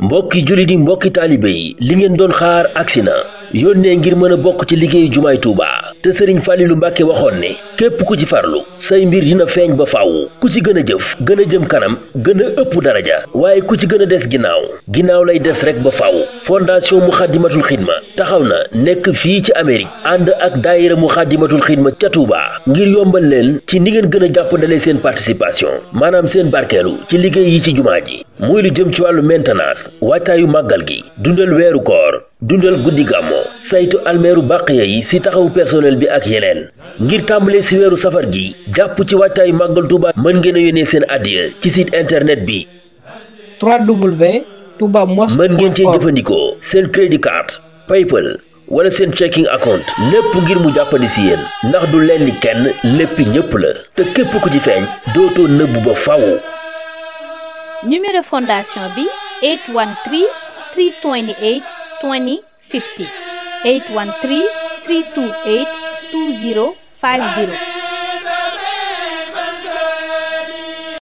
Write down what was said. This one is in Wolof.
mbokki jullit di mbokki taalibe yi li ngeen doon xaar agsi na yónnee ngir mën a bokk ci liggéeyu jumaay Touba te sëriñ lu Mbàkke waxoon ne képp ku ci farlu say mbir dina feeñ ba faw ku ci gën a jëf gën a jëm kanam gën a ëpp daraja waaye ku ci gën a des ginnaaw ginnaaw lay des rek ba faaw fondation Muxaddamatul Xidma taxaw na nekk fii ci Amérique ànd ak daayira mu xaadimatul xidma ca Touba ngir yombal leen ci ni ngeen gën a jàppandalee seen participation maanaam seen barkeelu ci liggéey yi ci jumaa ji muy lu jëm ci wàllu maintenance waajtaayu màggal gi dundal weeru koor dundal guddi gàmmo saytu almeeru bàqiya yi si taxawu personnel bi ak yeneen ngir tàmbalee si weeru safar gi jàpp ci waajtaayu màggal Touba mën ngeen a yónnee seen addiya ci site internet bi www.toubamoss.com mën ngeen cee jëfandikoo seen crédit paypal wala seen checking account lépp ngir mu jàppandi si yéen ndax du lenn kenn léppi ñëpp la te képp ku ci feeñ dootoo nëbbu ba faw numéro fondation bi 813 328 20 50